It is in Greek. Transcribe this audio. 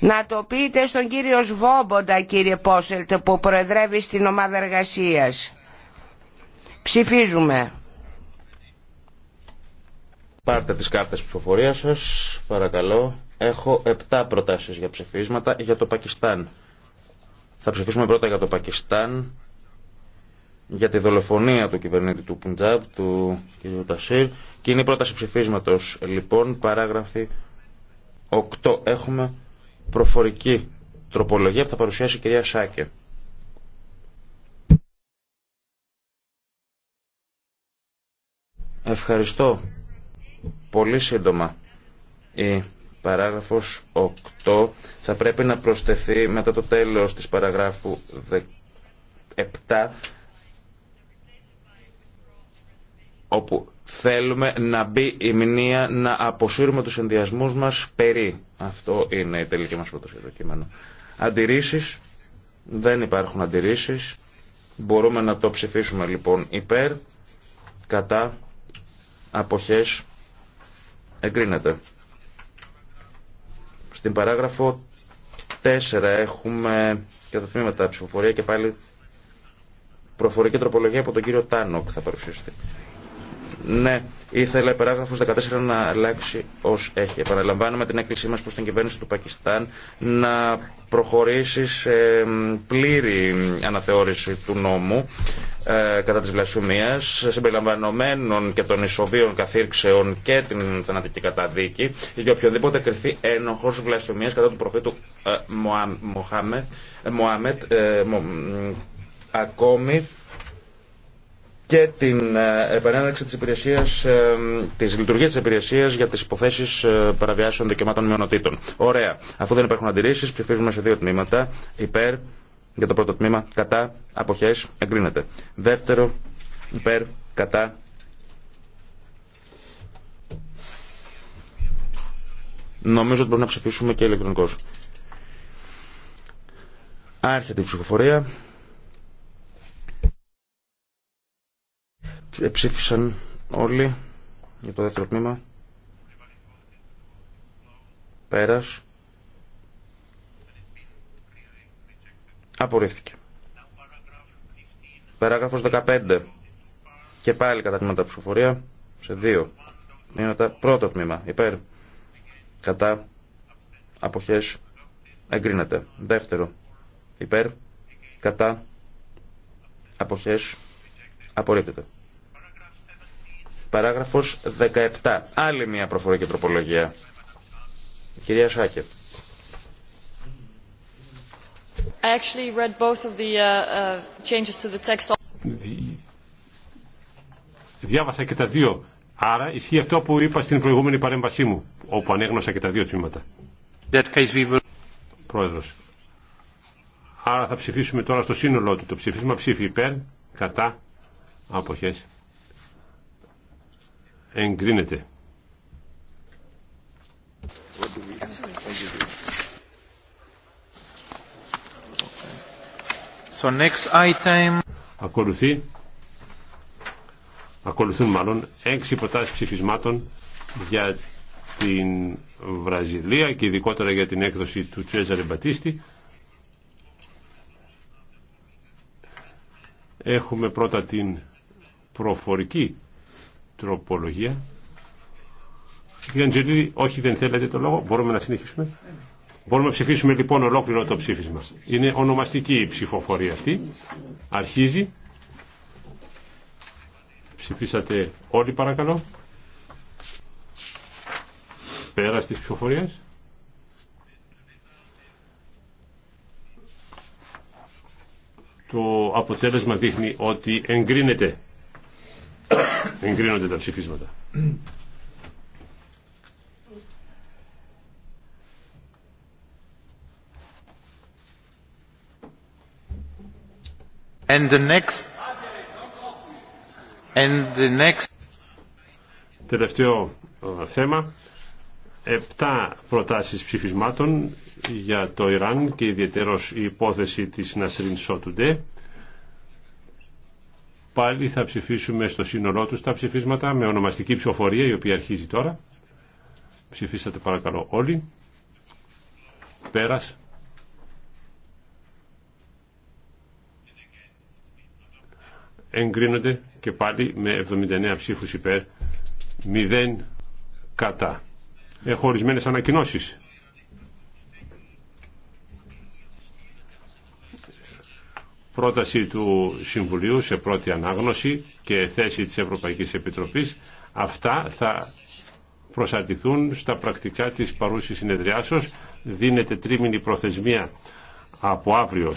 Να το πείτε στον κύριο Σβόμποντα, κύριε Πόσελτ, που προεδρεύει στην ομάδα εργασίας. Ψηφίζουμε. Πάρτε τις κάρτες ψηφοφορίας σας, παρακαλώ. Έχω 7 προτάσεις για ψηφίσματα για το Πακιστάν. Θα ψηφίσουμε πρώτα για το Πακιστάν, για τη δολοφονία του κυβερνήτη του Πουντζάμπ, του κ. Τασίρ. Κοινή πρόταση ψηφίσματος, λοιπόν, παράγραφη 8 έχουμε προφορική τροπολογία που θα παρουσιάσει η κυρία Σάκε. Ευχαριστώ. Πολύ σύντομα. Η παράγραφος 8 θα πρέπει να προσθεθεί μετά το τέλος της παραγράφου 7 όπου θέλουμε να μπει η μνήμα να αποσύρουμε τους ενδιασμούς μας περί. Αυτό είναι η τελική μας πρόταση για το κείμενο. Αντιρρήσεις. Δεν υπάρχουν αντιρρήσεις. Μπορούμε να το ψηφίσουμε λοιπόν υπέρ, κατά, αποχές, εγκρίνεται. Στην παράγραφο 4 έχουμε τα τμήματα ψηφοφορία και πάλι προφορική τροπολογία από τον κύριο Τάνοκ θα παρουσιαστεί. Ναι, ήθελα η παράγραφος 14 να αλλάξει ω έχει. Επαναλαμβάνουμε την έκκλησή μας προς την κυβέρνηση του Πακιστάν να προχωρήσει σε πλήρη αναθεώρηση του νόμου ε, κατά της βλασφημίας συμπεριλαμβανομένων και των ισοβίων καθήρξεων και την θανατική καταδίκη για οποιοδήποτε κριθεί ένοχος βλασφημίας κατά του προφήτου ε, ε, ε ακόμη και την ε, επανέναρξη της υπηρεσίας, ε, της λειτουργίας της υπηρεσίας για τις υποθέσεις ε, παραβιάσεων δικαιωμάτων μειονοτήτων. Ωραία. Αφού δεν υπάρχουν αντιρρήσεις, ψηφίζουμε σε δύο τμήματα. Υπέρ, για το πρώτο τμήμα, κατά, αποχές, εγκρίνεται. Δεύτερο, υπέρ, κατά, Νομίζω ότι μπορούμε να ψηφίσουμε και ηλεκτρονικώς. Άρχεται η ψηφοφορία. Ψήφισαν όλοι για το δεύτερο τμήμα. Πέρας. Απορρίφθηκε. Παράγραφος 15. Και πάλι κατά τμήματα ψηφοφορία σε δύο τα Πρώτο τμήμα υπέρ κατά αποχές εγκρίνεται. Δεύτερο υπέρ κατά αποχές απορρίπτεται. Παράγραφος 17. Άλλη μια προφορική τροπολογία. Κυρία Σάκε. Διάβασα και τα δύο. Άρα ισχύει αυτό που είπα στην προηγούμενη παρέμβασή μου, όπου ανέγνωσα και τα δύο τμήματα. That case we will... Πρόεδρος. Άρα θα ψηφίσουμε τώρα στο σύνολό του. Το ψηφίσμα ψήφι υπέρ, κατά, αποχές εγκρίνεται. So next item. Ακολουθεί, ακολουθούν μάλλον έξι προτάσεις ψηφισμάτων για την Βραζιλία και ειδικότερα για την έκδοση του Τσέζαρη Μπατίστη. Έχουμε πρώτα την προφορική τροπολογία. Κύριε Αντζελίδη, όχι δεν θέλετε το λόγο. Μπορούμε να συνεχίσουμε. Μπορούμε να ψηφίσουμε λοιπόν ολόκληρο το ψήφισμα. Είναι ονομαστική η ψηφοφορία αυτή. Αρχίζει. Ψηφίσατε όλοι παρακαλώ. Πέρα της ψηφοφορίες; Το αποτέλεσμα δείχνει ότι εγκρίνεται. Εγκρίνονται τα ψηφίσματα. And the next... And the next... Τελευταίο ε, θέμα. Επτά προτάσεις ψηφισμάτων για το Ιράν και ιδιαίτερος η υπόθεση της Νασρίν Σότουντε. Πάλι θα ψηφίσουμε στο σύνολό τους τα ψηφίσματα με ονομαστική ψηφοφορία η οποία αρχίζει τώρα. Ψηφίσατε παρακαλώ όλοι. Πέρας. Εγκρίνονται και πάλι με 79 ψήφους υπέρ, 0 κατά. Έχω ορισμένες ανακοινώσεις. πρόταση του Συμβουλίου σε πρώτη ανάγνωση και θέση της Ευρωπαϊκής Επιτροπής. Αυτά θα προσαρτηθούν στα πρακτικά της παρούσης συνεδριάσεως. Δίνεται τρίμηνη προθεσμία από αύριο